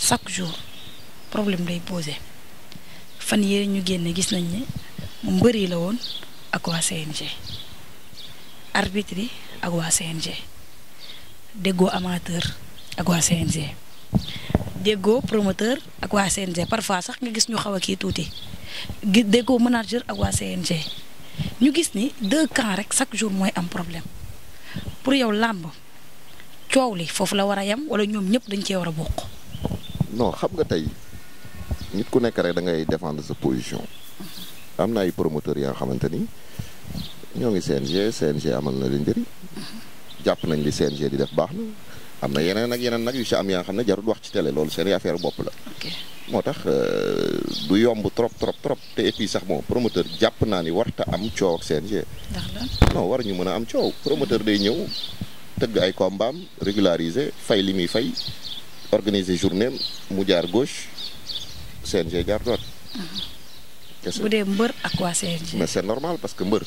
chaque jour problème day posé fan yee ñu génne gis nañ ne mu mbëri la woon ak waa CNG arbitre ak waa CNG déggoo amateur ak waa CNG déggoo promoteur ak waa CNG parfois sax nga gis ñu xaw a kii tuuti gi déggoo manager ak waa CNG ñu gis ni deux camps rek chaque jour mooy am problème pour yow làmb coow li foofu la war a yem wala ñoom ñëpp dañ cee war a bokk. non xam nga tey nit ku nekk rek da ngay défendre sa position am na ay promoteurs yoo xamante ni ñoo ngi CNG CNG amal na leen njëriñ jàpp nañ li CNG di def baax na am na yeneen ak yeneen nag yu si am yaa xam ne jarul wax ci tele loolu seen affaire bopp la. moo tax euh, du yomb trop trop trop te et sax moom promoteur jàpp naa ni warta am coow ak CNG. ndax war ñu mën a am coow. promoteur day ñëw tëgg ay mbaam régulariser fay li muy fay. organiser journée mu jaar gauche CNG jaar droite. Uh-huh. bu dee mbër ak waa CNG. mais c'est normal parce que mbër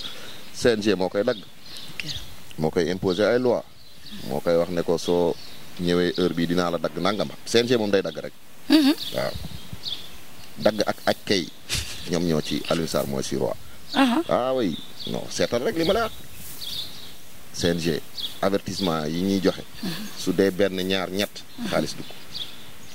CNG moo koy dagg. moo koy imposer ay loi moo koy wax ne ko soo ñëwee heure bi dinaa la dagg nangam CNG moom day dagg rek. Uh-huh. waaw dagg ak aj kay ñoom ñoo ci Alioune Sarr mooy si uh-huh. ah seetal rek li ma CNG. avertissement yi ñuy joxe. su dee benn ñaar ñett. xaalis dugg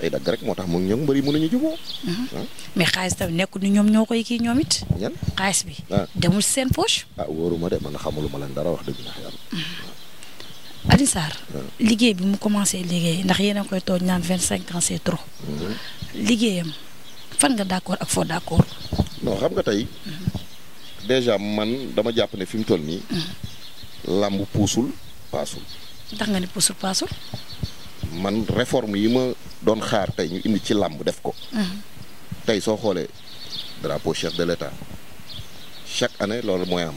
ay dagg rek moo tax mu ñoom mbëri mënuñu juboo. Mhm. Ah. mais xaalis tamit nekkul ni ñoom ñoo koy ki ñoom it. ñan xaalis bi. Ah. demul seen poche. ah wóoruma de man xamuluma leen dara wax dëgg ndax yàlla. Mhm. Alioune Sarr. Ah. liggéey bi mu commencé liggéey ndax yéen a koy naan vingt cinq ans c'est trop. Mhm. liggéeyam fan nga d'accord ak foo d'accord. non xam nga tey. déjà man dama jàpp ne fi mu toll nii. làmb puusul. paasul. ndax nga ne pusul paasul. man réforme yi ma doon xaar tey ñu indi ci làmb def ko. Mhm. tey soo xoolee drapeau chef de l'état chaque année loolu mooy am.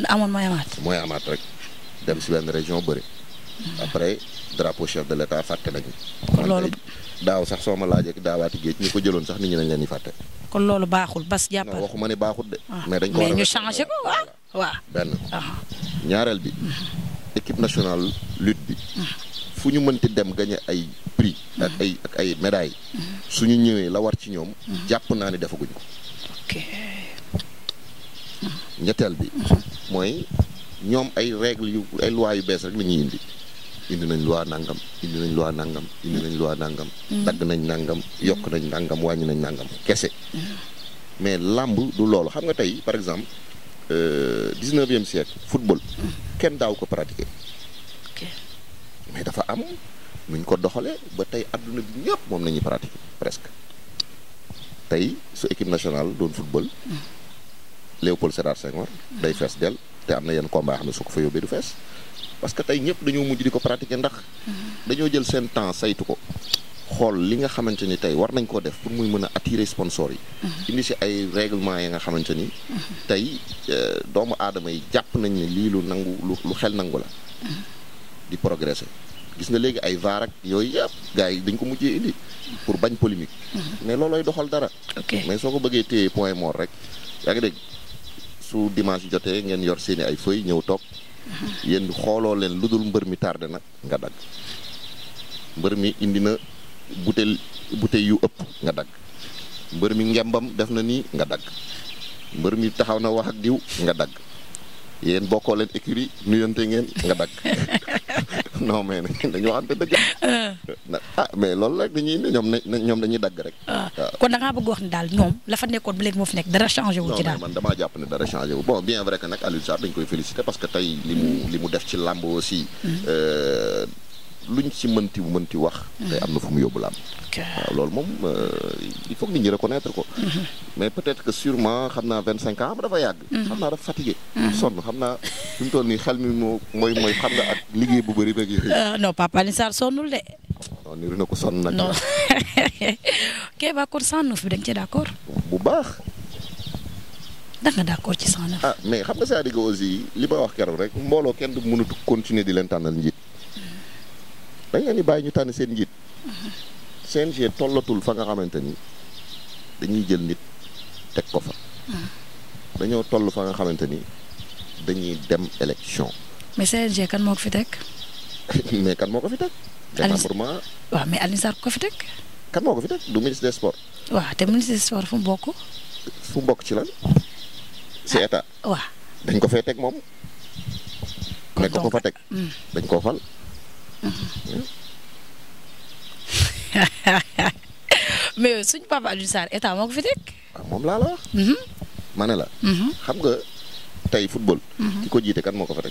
la amoon mooy amaat. rek dem si benn région bëri. Mhm. après drapeau chef de l'état fàtte nañu. loolu daaw sax soo ma laajee daawaati géej ñi ko jëloon sax ni ñi nañ leen di fàtte. kon loolu baaxul bas jàppal non waxuma ne baaxul de. Ah. mais dañ ko war ko waaw ah. waaw benn ñaareel bi. Mhm. équipe national lut bi fu ñu mënti dem gagné ay prix ak ay ak ay médailles suñu ñëwee la war ci ñoom jàpp naa ni defaguñu ko ñetteel bi mhm. mooy ñoom ay règle yu ay luwaa yu bees rek la indi indi nañ loi nangam indi nañ loi nangam indi nañ luwaa nangam mhm. dagg nañ nangam yokk nañ nangam wàññi nañ nangam kese mhm. mais làmb du loolu xam nga tey par exemple Euh, dix-neuvième siècle football kenn daaw ko pratiquer mais dafa am nuñ ko doxale ba tey àdduna bi ñëpp moom nañuy pratiquer presque tey su équipe nationale doon football Léopold Sédar Senghor day fees dell te am na yenn combat xam ne su ko fa yóbbee du fees parce que tey ñëpp dañoo mujj di ko pratiquer ndax mhm. dañoo jël seen temps saytu ko xool li nga xamante ni tey war nañ koo def pour muy mën a attirer sponsor yi. Mhm. indi si ay réglement yi nga xamante ni. Mhm. tey euh, doomu aadama yi jàpp nañ ne lii lu nangu lu xel nangu la. Mhm. di progresser gis nga léegi ay vaar ak yooyu yëpp gars yi dañ ko mujjee indi. pour bañ polémique. mais loolooy doxal dara. mais soo ko bëggee téye point mort rek yaa ngi dégg su dimanche jotee ngeen yor seeni ay feuilles ñëw toog. yéen xooloo leen lu dul mbër mi tardé nag nga dagg. mbër mi butéel butéel yu ëpp nga dagg mbër mi ngembam def na nii nga dagg mbër mi taxaw na wax ak diw nga dagg yéen bokkoo leen écurie nuyonte ngeen nga dagg non mais na waxante dëgg ah. ah mais loolu rek dañuy indi ñoom ñoom dañuy dagg rek. Ah. Ah. kon da bëgg wax ne daal ñoom la fa nekkoon ba léegi moo fi nekk dara changé wu. ci daal man damaa jàpp ne dara changé wu bon bien vrai que nag Alioune Sarr dañ koy féliciter parce que tey li mu li mu def ci làmb aussi. Mm-hmm. Euh, luñ ci mënti mënti wax. Mm-hmm. am na fu mu yóbbu la am. loolu moom euh, il faut que nit ñi reconnaître ko. Mm-hmm. mais peut-être que sûrement xam naa vingt cinq ans xam dafa yàgg. Mm-hmm. xam naa dafa fatigué. sonn xam naa fi mu toll nii xel mi moo mooy mooy xam nga ak liggéey bu bëri beeg. Euh, non Papa Alioune Sarr sonnul de. non niru na ko son nag. non Kéba kon 109 bi da nga cee d'accord. bu baax. da nga d'accord ci 109. ah mais xam na c'est-à-dire aussi li ma wax keroog rek mbooloo kenn du mënut continuer di leen tànnal njiit. dañ leen di bàyyi ñu tànn seen njiit CNG tollatul fa nga xamante ni dañuy jël nit teg ko fa dañoo toll fa nga xamante ni dañuy dem élection mais CNG kan moo fi teg mais kan moo ko fi teg démembrement waaw mais Alioune kan moo ko fi teg du ministre des sports waaw te ministre des fu mu bokk fu mu bokk ci lan si ah, état dañ ko fee teg moom nekk ko fa teg hmm. dañ koo fal mais euh, suñ papa Alioune Sarr moo ko fi ah, moom laa la wax. Mhm. la. Mhm. xam nga tey football. Mhm. ki ko jiite kan moo ko fa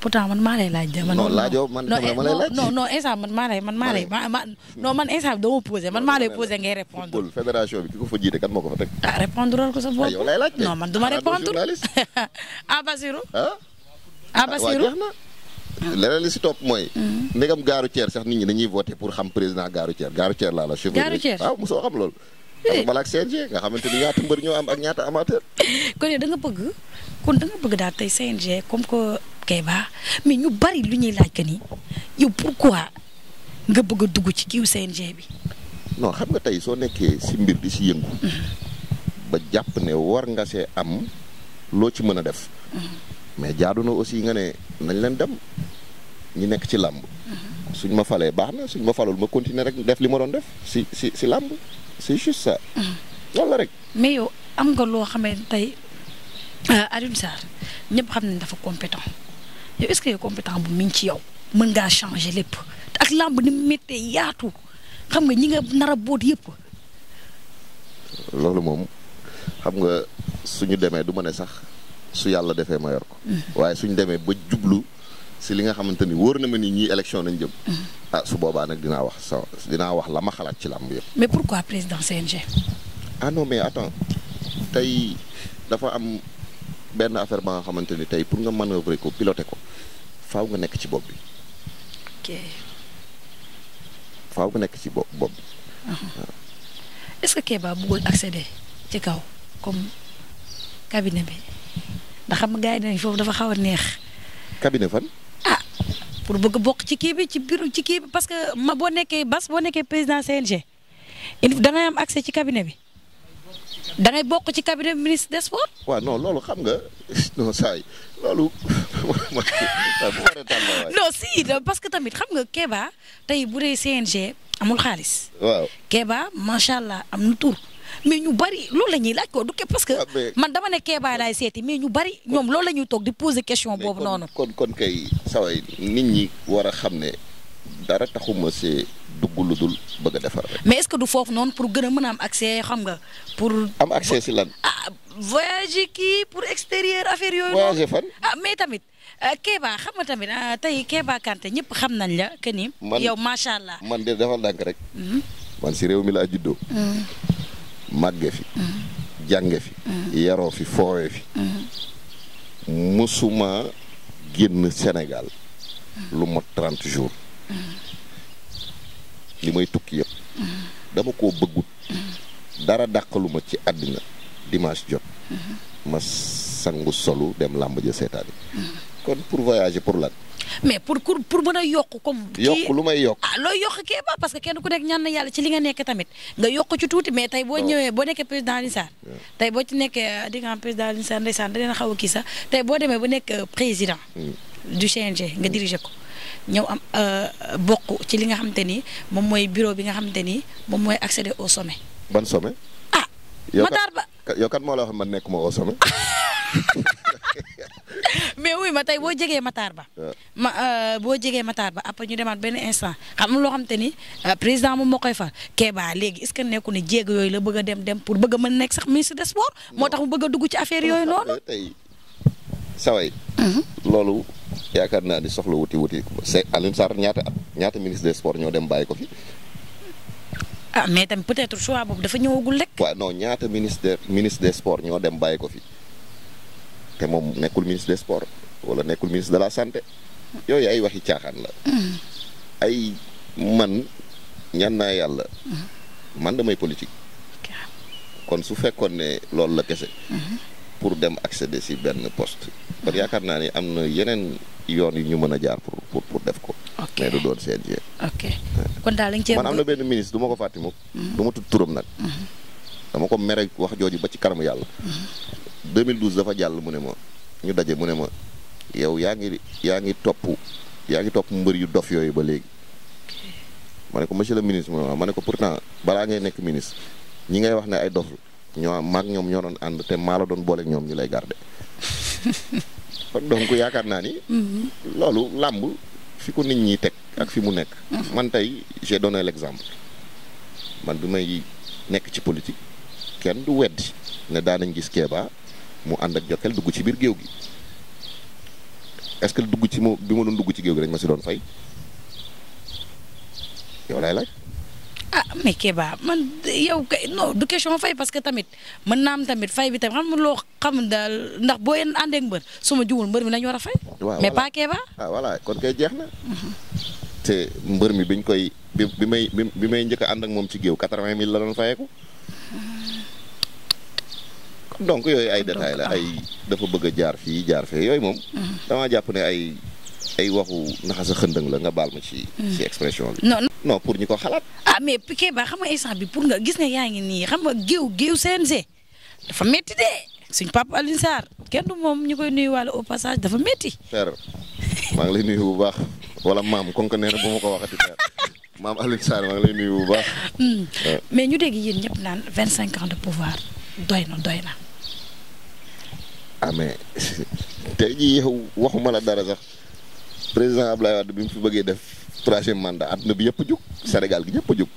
pourtant man maa lay laaj de. man non laajoo man eh, eh, man maa lay man maa lay ma non man instant bi dama man maa lay posé ngay répondre. Ah, ko sa bopp. Ah, yow man du ma ah, répondre. ah Basirou. ah Basirou waaw jeex li si topp mooy. Hmm. ndegam gaaru Thier sax nit ñi dañuy voté pour xam président gaaru Thier gaaru Thier laa la. gaaru Thier waaw mosoo xam loolu. Eh. ak balaa ak CNG nga xamante ni ñaata mbër ñoo am ak ñaata amateur. kon da nga bëgg kon da bëgg daal tey CNG comme Keba mais ñu bari lu ñuy laaj que ni yow pourquoi nga bëgg a dugg ci kiw CNG bi. non xam nga tey soo nekkee si mbir di si yëngu. Mm-hmm. ba jàpp ne war nga see am loo ci mën a def. Mm-hmm. mais jaadu na aussi nga ne nañ leen dem ñi nekk ci làmb. Mm-hmm. suñ ma falee baax na suñ ma falul ma continuer rek def li ma doon def si si si làmb si juste ça. loolu la rek. mais yow am nga loo xamante tey euh, Alioune Sarr ñëpp xam nañ dafa compétent. yow est-ce que yow compétent bu mi ci yow mën ngaa changer lépp ak làmb ni mu méttee yaatu xam nga ñi nga nar boot yëpp. loolu moom xam nga suñu demee du ma ne sax su yàlla defee ma yor ko. Mm. waaye suñu demee ba jublu si li nga xamante ni wóor na ma ni ñii élection nañ jëm. Mm. ah su boobaa nag dinaa wax sa dinaa wax la ma xalaat ci làmb yëpp. mais pourquoi président CNG. ah non mais tey dafa am. benn affaire ba nga xamante ni tey pour nga manœuvrer ko piloter ko faaw nga nekk ci bopp bi. ok. faaw nga nekk ci bopp bopp bi. Uh-huh. est-ce que Kéba bëggul accéder ci kaw comme cabinet bi ndax xam nga gars foofu dafa xaw a neex. cabinet fan. ah pour bëgg bokk ci kii bi ci biir ci kii bi parce que ma boo nekkee bas boo nekkee président CNG il da ngay am accès ci cabinet bi. da bokk ci cabinet ministre des sports. waaw non loolu xam nga non saa loolu. non si parce que tamit xam nga keebaa tey bu dee CNG amul xaalis. waaw Kéba macha allah am na tur. mais ñu bari loolu la ñuy laaj ko du ke parce que ah, man dama ne keebaa laay seeti mais ñu bari ñoom loolu la ñuy toog di poser question boobu noonu. kon kon kay saway nit ñi war a xam ne dara taxuma see. dugg lu dul bëgg a defar rek. mais est-ce que du foofu noonu pour gën a mën a am accès xam nga pour. am accès si lan. ah voyager kii pour extérieur affaire yooyu. voyager ah, mais tamit. Euh, Kéba xam nga tamit euh, tey Kéba Kanté ñëpp xam nañ la que ni. yow macha allah man de defal ndànk rek. Mm-hmm. man si réew mi laa juddoo. Mm-hmm. màgge fi. Mm-hmm. jànge fi. yaroo fi foowe fi. musuma génn Sénégal lu mot trente jours. li may tukki yëpp dama koo bëggut dara dàqaluma ci àddina dimanche jot ma sangu solu dem làmb ja seetaani kon pour voyager pour lan mais pour pour pour mën a yokk comme. yokk lu may yokk. ah looy yokk kee ba parce que kenn ku nekk ñan na yàlla ci li nga nekk tamit nga yokk ci tuuti mais tey boo ñëwee boo nekkee président Alioune Sarr. tey ci nekkee euh, di nga am président Alioune Sarr xaw a kii sax tey boo demee ba nekk euh, président. Mm. du CNG nga diriger ko. ñëw am euh, bokk ci li nga xamante ni moom mooy bureau bi nga xamante ni moom mooy accéder au some ban sommet. ah. Matar Ba moo la wax man nekk ma au sommet. mais wuy ma tey boo jegee Matar Ba. Ah. ma euh, boo jegee Matar Ba après ñu demaat benn instant xam loo xam te ni euh, président moom moo koy fa keebaa léegi est-ce que nekku ne jéeg yooyu la bëgg a dem dem pour bëgg a mën nekk sax ministre des sports. moo tax mu bëgg a dugg ci affaire yooyu noonu. Mhm. loolu yaakaar naa ni soxla wuti wuti c'est Alioune Sarr ñaata at ñaata ministre des sports ñoo dem bàyyi ko fi. ah mais tamit peut-être choix boobu dafa ñëwagul rek. waa non ñaata ministre ministre des sports ñoo dem bàyyi ko fi te moom nekkul ministre de sport wala nekkul ministre de la santé yooyu ay waxi caaxaan la. Mm. ay man ñaan naa yàlla. Mm. man damay politique. kon su fekkoon ne loolu la kese. Mm-hmm. pour dem accéder si benn post kon mhm. yaakaar naa ni am na yeneen yoon yu ñu mën a jaar pour pour pour def ko. ok mais du doon CNG. ok kon daal lañ cee man am na benn ministre du ma ko fàtte mukk. Mhm. du ma tudd turam nag. Mhm. dama ko mere wax jooju ba ci kanamu yàlla. 2012 dafa jàll mu ne ma ñu daje mu ne ma yow yaa ngi yaa ngi topp yaa ngi topp mbër yu dof yooyu ba léegi. ma ne ko monsieur le ministre ma ne ko pourtant balaa ngay nekk ministre ñi ngay wax ne ay dof ñoo maag ñoom ñoo doon ànd te maa la doon booleeg ñoom ñu lay garde donc yaakaar naa ni. Mhm. loolu làmb fi ko nit ñi teg ak fi mu nekk. Mhm. man tey j'ai donné l'exemple man bi may nekk ci politique kenn du weddi ne daanañ gis Kéba mu ànd ak Jokal dugg ci biir géew gi est-ce que dugg ci mo bi ma doon dugg ci géew gi dañ ma si doon fay yow lay laaj. ah mais Kéba man yow kay non du question fay parce que tamit mën naa am tamit fay bi tamit xam nga loo xam daal ndax boo yéen àndee ak mbër su ma mbër mi la ñu war a fay. mais pas Kéba. ah kon kay jeex na. Mhm. te mbër mi biñ koy bi bi may bi may njëkk ànd ak moom ci géew quatre-vingt mille la doon fayeeku. Mhm. donc yooyu ay détails la ay ah. dafa bëgg a jaar fii jaar fee yooyu moom. Mhm. damaa jàpp ne ay ay waxu naxas a xëndëng la nga baal ma ci. ci expression bi. non pour ñu ko xalaat. ah mais Piqué ba xam nga instant bi pour nga gis nga yaa ngi nii xam nga géew géew CNG dafa métti de suñ papa Alioune kenn du moom ñu koy nuyuwaale au passage dafa métti. père maa ngi bu baax wala maam kon ko nee na ma ko waxati père maam Alioune Sarr maa lay nuyu bu baax. Hmm. mais ñu dégg yéen ñëpp naan vingt cinq ans de pouvoir doy na doy na. ah mais tey jii waxuma la dara sax. président Ablaye Wade bi mu fi bëggee def troisième mandat àdduna bi yëpp jug Sénégal gi yëpp jug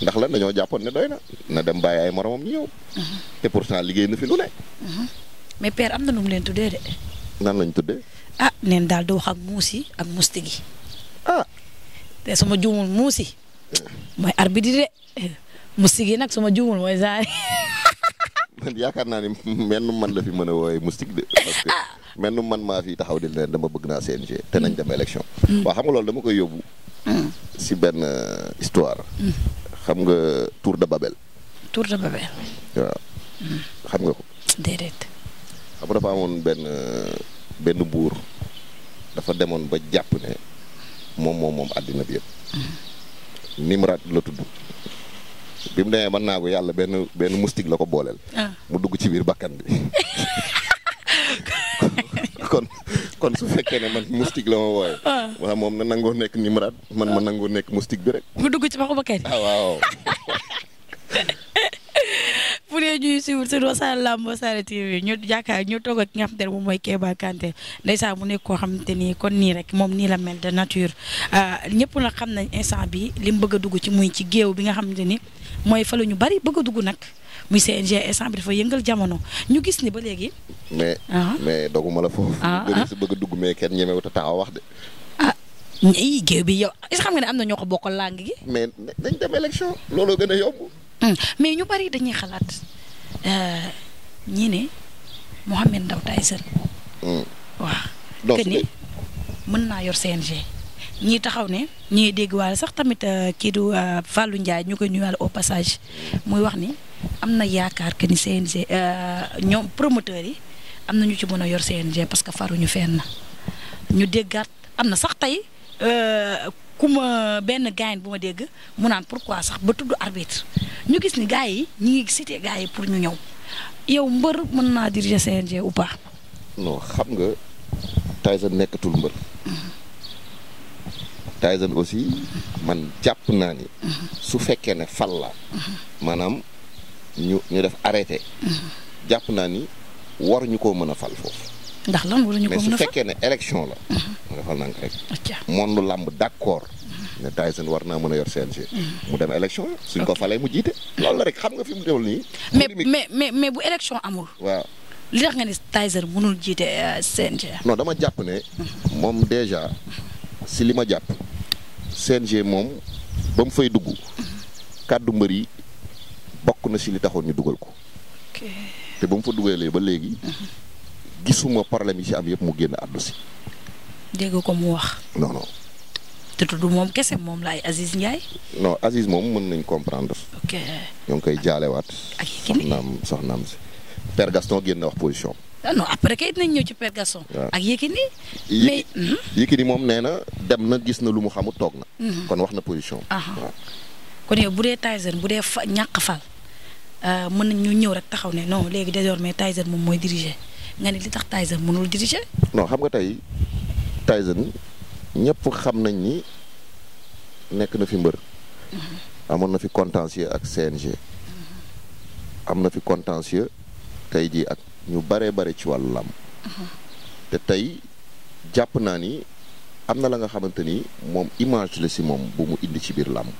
ndax lan dañoo jàppoon ne doy na na dem bàyyi ay moromam ñu ñëw. te pourtant liggéey na fi lu ne. mais père am na nu mu leen tuddee de. nan lañ tuddee. ah neen daal di wax ak muus yi ak musti gi. ah. te su ma juumul muus yi mooy arbitre de musti gi nag su ma juumul mooy saa yaakaar naa ni menn man la fi mën a woowee moustique de ah. menn man maa fi taxaw di leen dama bëgg naa CNG te nañ dem élection mm. xam nga loolu dama koy yóbbu mm. benn euh, histoire mm. xam nga Tour de Babel Tour de Babel waaw xam nga ko xam dafa amoon benn euh, benn buur dafa demoon ba jàpp ne moom moom moom àddina bi yëpp Nimrat la tudd bi mu demee mën naa ko yàlla benn benn moustique la ko booleel. Ah. mu dugg ci biir bakkan bi. kon su fekkee ne man moustique la ma wooye. Ah. waaw moom na nangoo nekk nimraat man ma ah. nangoo nekk moustique bi rek. mu dugg ci waxu bakkan bi ah waaw. bu dee ñuy suivre sur Wassare Lamb Wassare TV ñu jàkkaar ak ki nga xamante ne mu nekk koo xamante ni kon nii rek moom nii la mel de nature ñëpp nag xam nañ instant bi li mu bëgg a dugg ci muy ci géew bi nga xamante ni. mooy fa la ñu bari bëgg a dugg nag muy CNG instant bi dafa yëngal jamono ñu gis ni ba léegi. mais ah. mais doguma la foofu. bëgg ah, ah. si bëgg a dugg mais kenn ñemewut a taxaw wax de. ah ñii géew bi yow est-ce xam nga ne am na ñoo ko bokkal làng gi. mais dañ looloo gën a yomb. Hmm. mais ñu bari dañuy xalaat euh, ñii ne Mouhamed Ndao Tyson. Hmm. waaw. donc ni mën naa yor CNG. ñii taxaw ne ñii dégg waale sax tamit euh, kii du euh, fallu Ndiaye ñu koy nuyuwaale au passage muy wax ni am na yaakaar que ni CNG euh, ñoom promoteurs yi am na ñu ci mën a yor CNG parce que faru faruñu fenn ñu déggaat am na sax tey ku ma benn gaañ bu ma dégg mu naan pour quoi sax ba tudd arbitre ñu gis ni gars yi ñu ngi cité gars yi pour ñu ñëw yow mbër mën naa diriger CNG ou pas. xam nga Tyson nekkatul mbër. Tyson aussi man jàpp naa ni su fekkee ne fal la maanaam ñu ñu def arrêté jàpp naa ni waruñu koo mën a fal foofu ndax la waruñu ko mën fal mais su fekkee ne élection la mhm. nga fal nank rek monde làmb d'accord ne Tyson war naa mën a yor CNG. Mhm. mu dem élection suñ ko falee mu jiite lool la rek xam nga fi mu déwl nii mais mais mais bu élection amul waaw li tax nga ni Tyson mënul jiite euh, CNG non dama jàpp ne mhm. moom déjà si li ma jàpp CNG moom ba mu fay dugg kàddu mbër yi bokk na si li taxoon ñu dugal ko te ba mu fa dugalee ba léegi gisuma problème yi si am yëpp mu génn àddu si dégg ko mu wax non te tudd moom kese moom laay ay Aziz Ndiaye. non moom mën nañ comprendre. ok ñoo ngi koy jaalewaat. ak soxnaam soxnaam si. Père Gaston génn wax position Ah, non après kay dinañ ñëw ci Père Gaston. ak Yékini. mais Yékini moom nee na dem na gis na lu mu xamul toog na. kon wax na position kon yow bu dee Tyson bu dee fa ñàkk fal euh, mën nañ ñu ñëw rek taxaw ne non léegi désormais Tyson moom mooy diriger nga ne li tax Tyson mënul diriger. non xam nga tey Tyson ñëpp xam nañ ni nekk na fi mbër. amoon na fi contentieux ak CNG. am na fi contentieux tey jii ak. ñu baree bare ci wàllu làmb te tey jàpp naa ni am na la nga xamante ni moom image la si moom bu mu indi ci biir làmb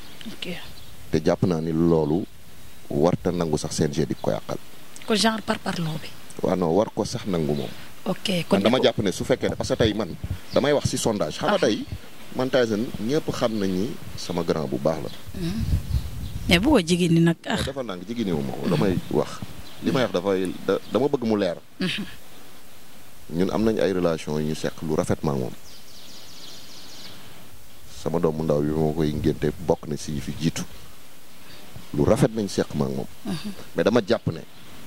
te jàpp naa ni loolu warta nangu sax CNG di ko yàqal ko genre par parloo bi waaw non war ko sax nangu moom ok kon dama jàpp ne su fekkee parce que tey man damay wax si sondage xam nga ah. tey man Tyson ñëpp xam nañ ni sama grand bu baax la hmm. mais bu ko jigéen ñi nag ah dafa nang jigéen ñi ma ko damay wax li may wax dafay dama bëgg mu leer. Mm-hmm. ñun am nañ ay relation yu ñu seq lu rafet ma moom. sama doom mu ndaw bi moo koy ngénte bokk na si fi jiitu lu rafet nañ seq ma moom. Mm-hmm. mais dama jàpp ne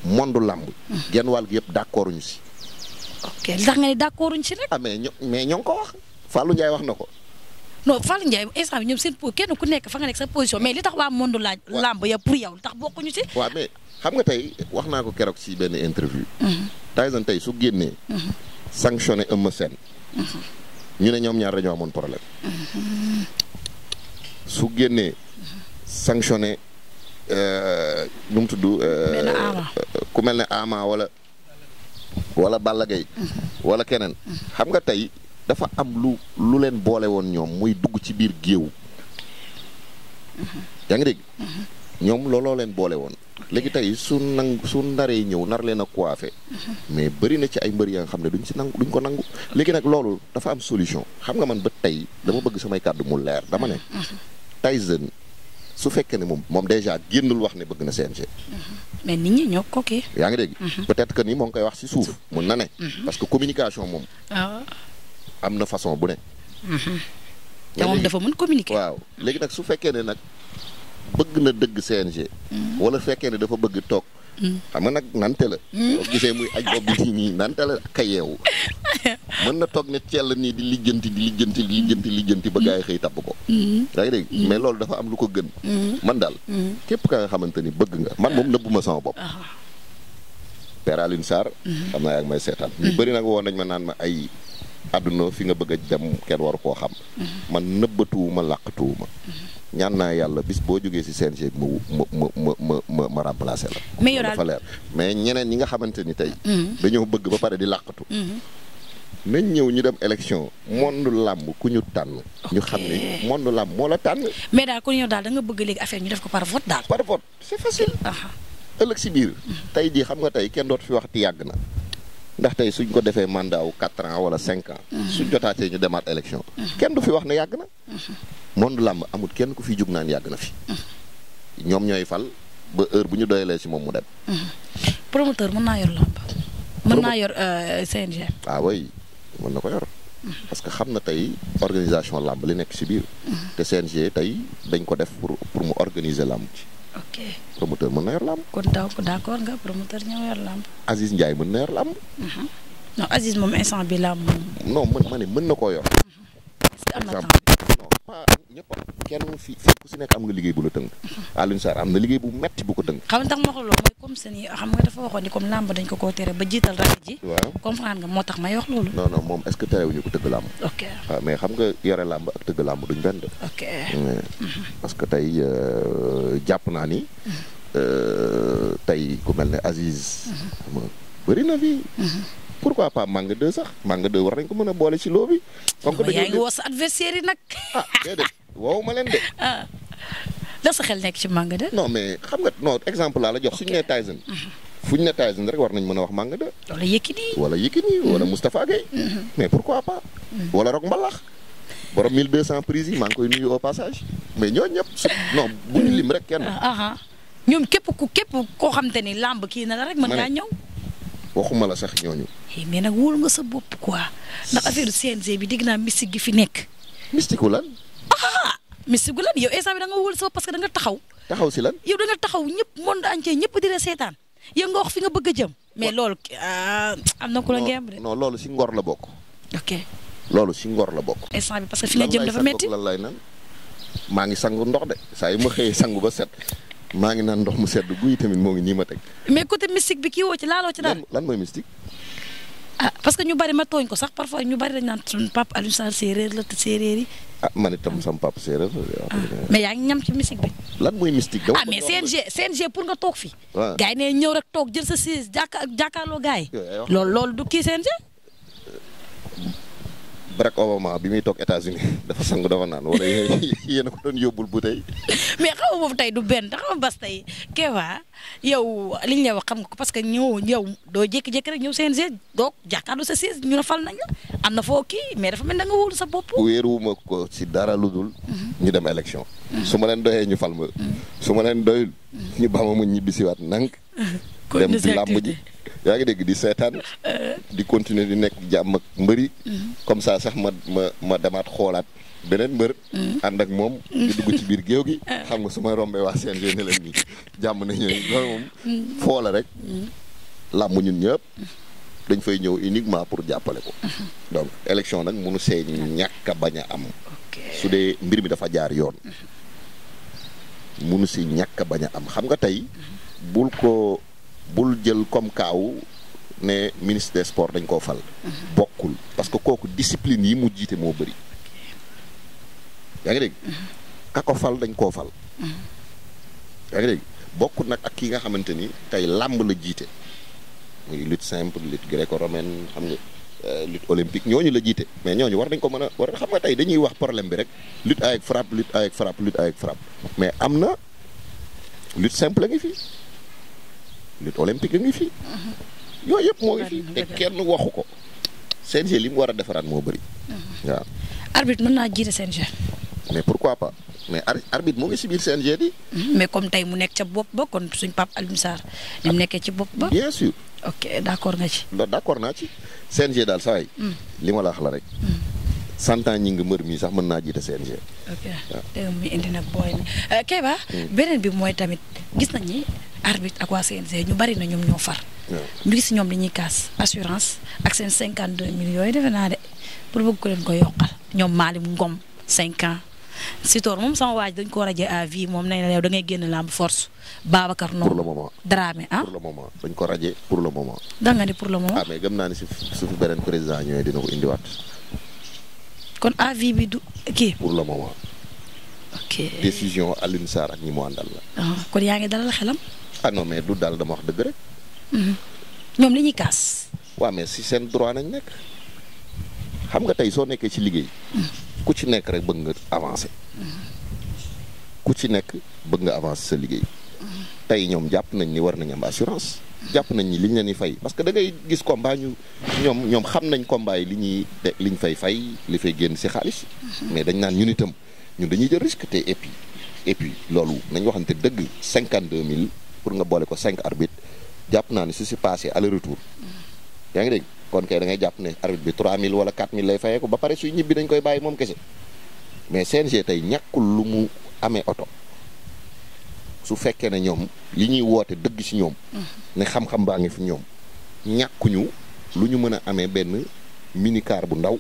mondu làmb. Mm-hmm. genn wàll gi yëpp d'accord ñu si. ok ndax nga ni d'accord ñu si rek. ah mais ñoo ngi ko wax Fallou Ndiaye wax na ko. non Fallou Ndiaye instant bi ñoom seen po kenn ku nekk fa nga nekk sa position mais li tax waa monde làmb ya pour yow li tax bokkuñu ci. waaw mais xam nga tey wax naa ko keroog ci benn interview. Mm-hmm. Tyson tey su génnee. Mm-hmm. sanctionné Eumeu Sène. Mm-hmm. ñu ne ñoom ñaar dañoo moon problème. su génnee sanctionné euh, nu mu tudd. Euh, euh, ku mel ne Ama wala. wala Balla Gaye wala keneen. xam nga tey. dafa am lu lu leen boole woon ñoom muy dugg ci biir géew yaa ngi dégg ñoom looloo leen boole woon léegi tey su nang su naree ñëw nar leen a coiffé mais bëri na ci ay mbër ya nga xam ne duñ si nangu duñ ko nangu léegi nag loolu dafa am xam nga man ba tey dama bëgg samay kàddu mu leer dama ne Tyson su fekkee ne moom moom déjà génnul wax ne bëgg na CNG. mais nit ñi ñoo ko kii. yaa ngi dégg. Mhm. peut-être que ni moo ngi koy wax ci suuf mhm. mun na ne. Mhm. parce que communication moom. Ah. am na façon bu ne. Mhm. te moom dafa mën communiquer. waaw léegi nag su fekkee ne nag bëgg na dëgg CNG. Mhm. wala fekkee ne dafa bëgg toog. Mhm. xam nga nag nante la. boo gisee muy aj bopp bi nii nante la ka yeewu. mën na toog ne cell nii di lijjanti di lijjanti di lijjanti lijjanti ba gaay xëy tabb ko. yaa ngi dégg loolu dafa am lu ko gën. man daal. képp ka nga xamante ni bëgg nga man moom nëbbuma sama bopp. Ah. Père Alioune Sarr. xam naa yaa ngi may seetaan. ñu bëri nag woo nañ ma naan ma ay. àdduna fi nga bëgg a dem kenn waru koo xam. Mm-hmm. man nëbbatuwuma làqatuwuma. Mm-hmm. ñaan naa yàlla bis boo jógee si CNG ma ma ma ma ma ma la. mais yow mais ñeneen ñi nga xamante ni tey. Mm-hmm. dañoo bëgg ba pare di làqatu. nañ ñëw ñu dem élection monde làmb ku ñu tànn. ñu xam ne monde làmb moo la tànn. mais daal ku ñëw daal da bëgg léegi affaire ñu def ko par vote daal. par vote c'est facile. ëllëg si biir. tey jii xam nga tey kenn dootu fi wax ti yàgg na. ndax tey suñ ko defee mandat wu quatre ans wala cinq ans. su jotaatee ñu demaat élection. kenn du fi wax ne yàgg na. monde làmb amul kenn ku fi jug naan yàgg na fi. ñoom ñooy fal ba heure bu ñu doyalee ci moom mu dem. promoteur mën naa yor làmb. mën naa yor euh, CNG. ah oui mën na ko yor. parce que xam na tey organisation làmb li nekk ci biir. Mhm. te CNG tey dañ ko def pour pour mu organiser làmb ci ok promoteur mën na yor làmb. kon daaw d'accord nga promoteur ñëw yor làmb. Aziz Ndiaye mën na yor làmb. Mhm. non Aziz moom instant bi làmb moom. non man ma ne na koo am na non pas kenn fii fii ku si nekk am nga liggéey bu la tënk. Alioune Sarr am na liggéey bu metti bu ko tënk. xam nga tax ma xooloo mooy comme seen yi comme làmb dañ ko koo tere ba jiital rakk ji. waaw comprendre nga moo tax may wax loolu. non non moom est que ah, nga yore làmb ak tëgg làmb duñ benn. ok mhm. parce que tey euh, jàpp naa ni. Mhm. Euh, tey ku mel ne Aziz. Mhm. bëri fi. pourquoi pas Manga 2 sax Manga 2 war nañ ko mën a boole si loo bi. comme que yaa ngi woo sa adversaire yi nag. Ah, ma leen de. ah la sa xel nekk ci Manga 2. non mais xam nga non exemple laa la jox suñu nee Tyson. Mhm. fu ñu ne Tyson rek war nañ mën a wax Manga 2. wala Yékini wala Yékini mhm. wala Moustapha Gueye. Mhm. mais pourquoi pas. wala Rock Mbalax. borom 1200 prises yi maa ngi koy nuyu au passage mais ñooñu ñëpp non bu ñu lim rek kenn. Ah, ah. ñoom képp ku képp koo xam te ni làmb kii na la rek mën ngaa ñëw. waxuma la sax ñooñu. Eh, mais nag wool nga sa bopp quoi ndax affaire CNG bi dégg naa mystique gi fi nekk. mystique wu lan. ah mystique wu lan yow instant bi da nga sa bopp parce que da taxaw. taxaw si lan. yow da taxaw ñëpp monde entier ñëpp di seetaan yow nga fi nga bëgg a jëm. mais loolu ah, am na ku la ngeen loolu si ngor la bokk. ok loolu si ngor la bokk. instant bi parce que fi nga jëm dafa metti lan lay nan maa ngi sangu ndox de saa yi ma xëyee sangu ba set. maa ngi naan ndox mu sedd guy tamit moo ngi nii ma teg. mais côté mystique bi ki woo ci laaloo ci lan lan mooy mystique. ah parce que ñu bari ma tooñ ko sax parfois ñu bari dañ naan suñu papa Alioune Sarr séeréer la te séeréer yi. Ah, man itam sama papa ah, euh. mais yaa ngi ñam ci mystique bi. lan mooy mystique. ah mais CNG CNG pour nga toog fi. waaw ne ñëw rek toog jël sa siis jàkka jàkkaarloo gars yi. loolu loolu du kii CNG. Barack Obama bi muy toog États-Unis dafa sangu dafa naan wala yéen a ko doon yóbbul bu tey. mais xaw ma boobu du benn xaw ma bas tey Kéba yow liñ lay wax xam nga ko parce que ñëw yow doo jékki-jékki rek ñëw CNG doo jàkkaarloo sa siège ñu ne fal nañ la am na foo kii mais dafa mel da nga wóolu sa bopp. wéeruwuma ko si dara lu dul. Mhm. ñu dem élection. Mhm. su ma leen doyee ñu fal ma. Mhm. su ma leen doyul. ñu ba ma mu ñibbisiwaat nank. dem ci yaa ngi dégg di seetaan. di continuer di nekk jàmm ak mbëri. Mm-hmm. comme ça sax ma ma ma demaat xoolaat. beneen mbër. Mm-hmm. ànd ak moom. di dugg ci biir géew gi. Ah. xam nga suma ma rombee waa CNG ne leen nii jàmm nañu loolu moom. Mm-hmm. foo rek. làmb ñun ñëpp. dañ fay ñëw uniquement pour jàppale ko. donc élection nag mënu see ñàkk a bañ am. su dee mbir mi dafa jaar yoon. mënu si ñàkk a bañ a am xam nga tey. bul ko bul jël comme kaaw ne ministre des sports dañ koo fal. bokkul parce que kooku discipline yi mu jiite moo bëri. yaa ngi dégg. Mm-hmm. ka ko fal dañ koo fal. Mm-hmm. yaa ngi dégg bokkul nag ak ki nga xamante ni tey làmb la jiite muy lutte simple lutte gréco-romaine xam nga. Euh, lutte olympique ñooñu la jiite mais ñooñu war nañ ko mën a war xam nga tey dañuy wax problème bi rek lutte avec frappe lutte avec frappe lutte avec frappe mais am na lut simple a ngi fii lutte olympique a ngi fi. yooyu yëpp moo ngi fi te kenn waxu ko. CNG li mu war a defaraat moo bëri. Mhm. waaw. arbitre mën naa jiite CNG. mais pourquoi pas mais arbitre mu ngi si biir CNG di. Mhm. mais comme tey mu nekk ca bopp ba kon suñ Pape Alioune Sarr. mu nekkee ci bopp ba. bien sûr. ok d' nga ci. d' naa ci CNG daal saa yi. Mhm. li ma la rek. santan ñi nga mbër mi sax mën naa jiite CNG. ok dégg indi nag booy na euh, hmm. beneen bi mooy tamit gis nañ ni arbitre ak waa CNG ñu bari na ñoom ñoo far. ñu gis ñoom li ñuy kaas assurance ak seen 52 millions yooyu defe naa de pour bëgg ko leen ko yokkal ñoom Maalim Ngom 5 ans. Sitor moom sama waaj dañ ko rajee à vie moom nañ la yow da ngay génn làmb force Babacar noonu. pour le moment Dramé ah. pour le moment dañ ko rajee pour le moment. da nga pour le moment. ah mais gëm naa ne su su beneen président ñëwee dina ko indiwaat. kon avis bi du kii. pour le moment. ok décision Alioune Sarr ak ñi mu àndal la. Ah, kon yaa ngi dalal xelam. ah mais du daal dama wax dëgg rek. Mm-hmm. ñoom li ñuy kaas. waaw mais si seen droit nañ nekk xam nga tey soo nekkee ci liggéey. Mm-hmm. ku ci nekk rek bëgg nga avancé mm-hmm. ku ci nekk bëgg nga avancer sa liggéey. tey ñoom jàpp nañ ni war nañ am assurance. jàpp nañ li ñu leen di fay parce que dangay gis combat ñu ñoom ñoom xam nañ combat yi li ñuy li ñu fay fay li fay génn si xaalis. Mhm. mais dañ naan ñun itam ñun dañuy jël risque te et puis et puis loolu nañ waxante dëgg cinquante deux mille pour nga boole ko cinq arbitre jàpp naa ne su si passé aller retour. Mhm. yaa ngi dégg kon kay da ngay jàpp ne arbitre bi trois mille wala quatre mille lay fayee ko ba pare suy ñibbi dañ koy bàyyi moom kese mais CNG tey ñàkkul lu mu amee oto. su fekkee ne ñoom li ñuy woote dëgg ci ñoom. Mm. ne xam-xam baa ngi fi ñoom ñàkkuñu lu ñu mën a amee benn minicar bu ndaw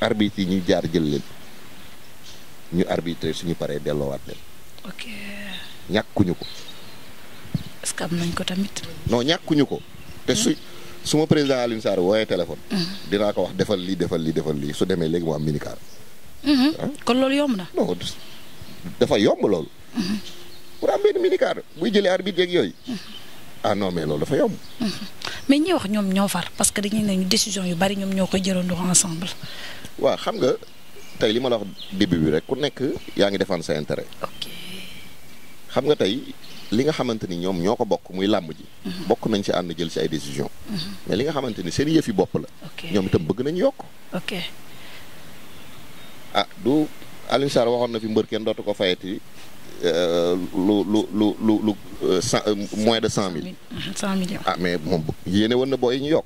arbitre yi ñuy jaar jël leen ñu su ñu paree delloowaat leen. ok ñàkkuñu ko. est que am nañ ko tamit. non ñàkkuñu ko. te mm. su su ma président Alioune Sarr wooyee téléphone. Mm. dinaa ko wax defal lii defal lii defal lii su demee léegi moo am minicar. Mm-hmm. Ah. kon loolu yomb na. non dafa yomb loolu. pour am benn minicar buy jëlee arbitre yooyu. ah non mais loolu dafa yomb. mais ñi wax ñoom ñoo far parce que dañuy nañu décision yu bari ñoom ñoo koy jëlandoo ensemble. waaw xam nga tey li ma la wax bi rek ku nekk yaa ngi défendre sa xam nga tey li nga xamante ni ñoom ñoo ko bokk muy làmb ji. Mhm. bokk nañ si ànd jël si ay décision mhm. mais li nga xamante ni seen yëfi bopp la. ñoom itam bëgg nañu yokk. ok ah du Alioune waxoon na fi mbër kenn dootu ko yi Euh, lu lu lu lu lu euh, cent euh, moins de cent mille. Ah, cent millions ah mais moom yéene woon na booy yi ñu yokk.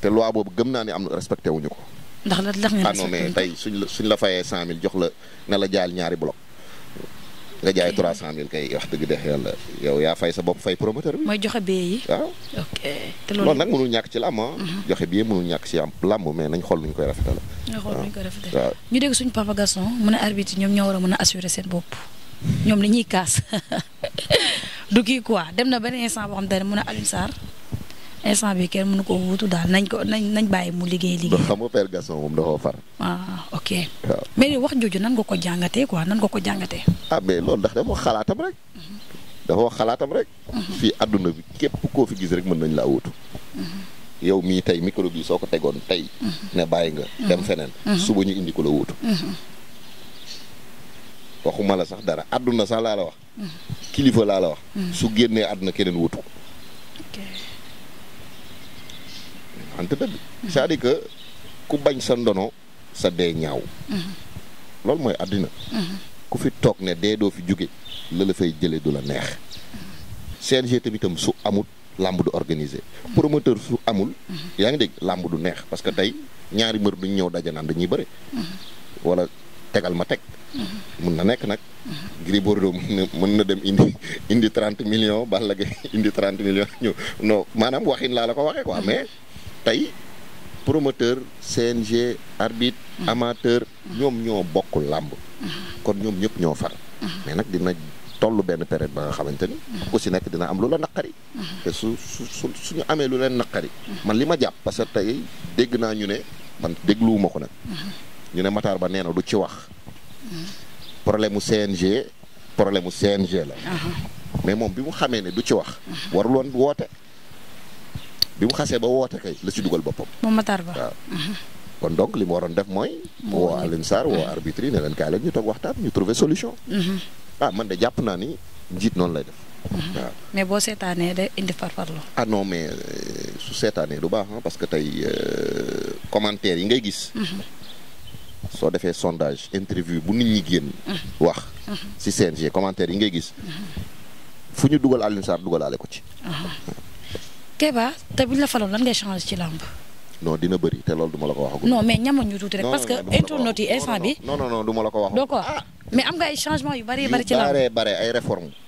te loi boobu gëm naa ni am na wuñu ko. ndax la ndax ah, nga respecté ah mais tey suñ la suñ la fayee cent mille jox la na la jaayal ñaari bloc. nga jaay 300000 kay wax dëgg dex yàlla yaa fay sa bopp fay promoteur bi. mooy joxe bee yi. waaw ok te loolu nag mënul ñàkk ci làmb ah. mhm. joxe bee mënul ñàkk ci làmb mais nañ xool nuñ koy rafetal. nga xool nuñ ah. koy rafetal waaw ñu dégg suñu papa Gaston mu ne arbitre ñoom ñoo war a mën a assurer seen bopp ñoom li ñuy kaas du kii quoi dem na benn instant boo xam ne mu ne Alioune Sarr instant bi kenn mënu ko wutu daal nañ ko nañ nañ bàyyi mu liggéey liggéey. xam nga Père Gaston moom dafa far. ah ok. waaw mais wax jooju nan nga ko jàngatee quoi nan nga ko jàngatee. ah mais loolu ndax dafa xalaatam rek. dafa wax xalaatam rek. Mhm. fii àdduna bi képp koo fi gis rek mën nañ laa wutu. Mhm. yow mii tey micro soo ko tegoon tey. Mhm. ne bàyyi nga. dem feneen. suba ñu indi ko la wutu. waxuma sax dara àdduna sax laa la wax. kilifa laa la wax. su génnee àdduna keneen wutu waxante dëgg. c'est-à-dire que ku bañ sa ndono sa dee ñaaw. loolu mooy àddina. ku fi toog ne dee doo fi jóge la fay jëlee du la neex. CNG tamit tam su amul làmb du organiser promoteur su amul. yaa ngi dégg làmb du neex parce que tey ñaari mbër duñ ñëw daje naan dañuy bëre. wala tegal ma teg. mun na nekk nag. Gris Bordeaux mën na dem indi indi 30 millions Balla Gaye indi 30 millions ñëw non maanaam waxin laa la ko waxee quoi mais. tey promoteur CNG arbitre mm-hmm. amateur mm-hmm. ñoom ñoo bokk làmb mm-hmm. kon ñoom ñëpp ñoo far mais nag dina toll benn période ba nga xamante ni ku si dina am lu la naqari te su su suñu amee lu leen naqari man li ma jàpp parce que tey dégg naa ñu ne man dégluwuma ko nag ñu ne Matar Ba nee na du ci wax problème mu CNG mu CNG la uh-huh. mais moom bi mu xamee ne du ci wax warul woon woote bi mu xasee ba woote kay la ci dugal boppam. moom Matar Ba waaw. kon donc li mu waroon def mooy. woo Alioune Sarr woo mm-hmm. arbitre yi ne leen kaay leen ñu toog waxtaan ñu trouver mm-hmm. ah, jàpp naa ni njiit noonu lay def. Mm-hmm. waaw mais boo seetaanee day indi farfarloo. ah non mais euh, su parce que tey euh, commentaire yi ngay gis. soo defee sondage interview bu nit ñi génn. wax ci CNG commentaire yi ngay gis. fu ñu dugal Alioune Sarr dugalaale ko ci. Uh-huh. Kéba te buñ la faloon lan ngay changer ci làmb. non dina bëri te loolu du ma la ko wax. non mais ñamoon ñu tuuti rek. parce que internaute yi instant bi. non non non ma la ko wax. Ah, mais am nga ay changement yu bëree bëri. ci làmb yu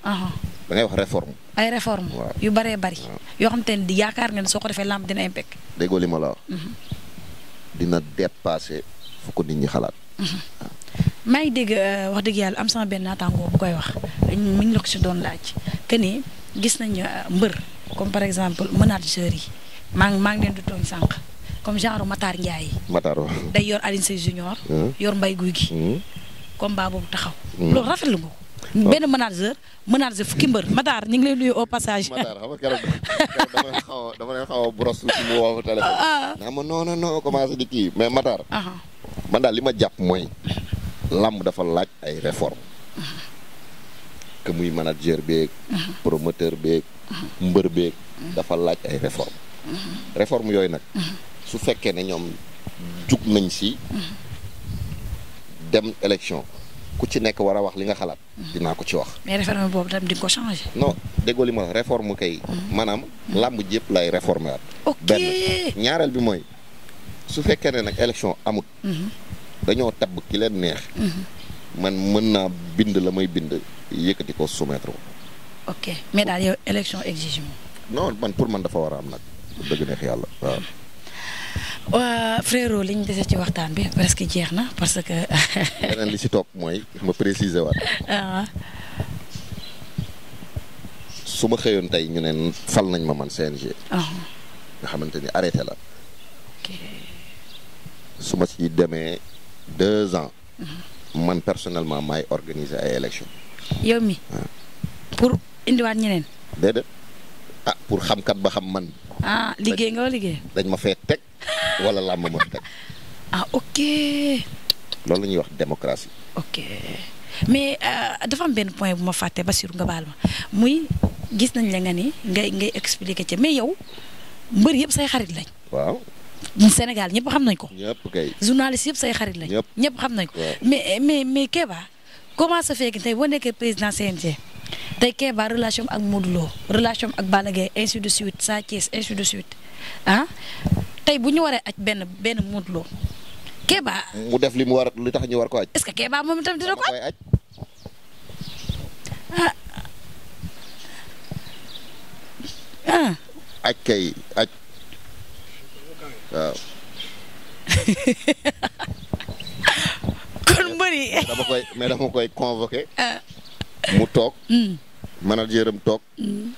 ah, ah. da ngay wax réforme. ay réforme yu bëree bëri. yoo xam te yaakaar ngeen soo ko defee làmb dina impec. déggoo li ma la wax. Mhm. dina dépasser fu ko nit ñi xalaat. Mhm. maa dégg euh, wax dëgg yàlla am sama benn naataango bu koy wax mi la ko si doon laaj comme par exemple manager yi maa ngi leen di tooñ sànq comme genre Matar Ndiaye. Matar day yor Alioune Sèye Junior. Hmm. yor mbay Guy gi. Hmm. combat boobu taxaw. Hmm. loolu rafetlu nga ko. benn manager manager fukki mbër Matar ñu ngi lay nuyu au leen xaw a ah, ah. ma non non non commencé di kii mais Matar. Ah, man daal li ma jàpp mooy. làmb dafa laaj ay réformes. que muy manager beeg. Uh-huh. promoteur beeg. Uh-huh. mbër beeg. Uh-huh. dafa laaj ay réforme réforme yooyu nag. su fekkee ne ñoom jug nañ si. dem élection ku ci nekk war wax li nga xalaat. dinaa ko ci wax. mais réforme boobu tam di ko changé. non déggoo li ma wax kay. maanaam làmb jëpp lay réformer benn ñaareel bi mooy su fekkee ne nag élection amut. dañoo tabb ki leen neex. man mën naa bind la may bind. yëkkati ko soumettre ko. ok mais daal yow élection exige non man pour man dafa war a am nag. bëgg neex yàlla waaw. waa frérot li ñu dese ci waxtaan bi presque jeex na parce que. leneen li si topp mooy ma préciser waat. Ah. su ma tey ñu ne fal nañ ma man CNG. Ah. nga xamante ni arrêté la. suma ma demee deux ans. Mhm. man personnellement maay organiser ay élections. yow mi ah. pour indiwaat ñeneen. déedéet ah pour xamkat ba xam man. Ah, liggéey nga liggéey. dañ ma fee teg wala làmb ma teg. ah ok. loolu la ñuy wax démocratie. ok mais euh, dafa am benn point bu ma fàttee ba Bassirou nga baal ma muy gis nañ la nga ni ngay ngay expliquer ci mais yow mbër yëpp say xarit lañ. waaw. Sénégal ñëpp xam nañ ko. ñëpp kay journaliste yëpp say xarit lañ. ñëpp ñëpp xam nañ ko. mais mais mais comment ça fait tey boo nekkee président CNG tey Kéba relation ak Modou relation ak Balla Gaye ainsi de suite Sa Thiès ainsi de suite ah tey bu ñu waree aj benn benn Modou Lo Kéba. mu def li mu war li tax ñu war ko aj. est-ce que Kéba moom itam dina ko aj ah. ah. aj kay aj waaw. bëri. dama koy mais koy convoqué. Ah. mu toog. Mm. manager am toog. Mm.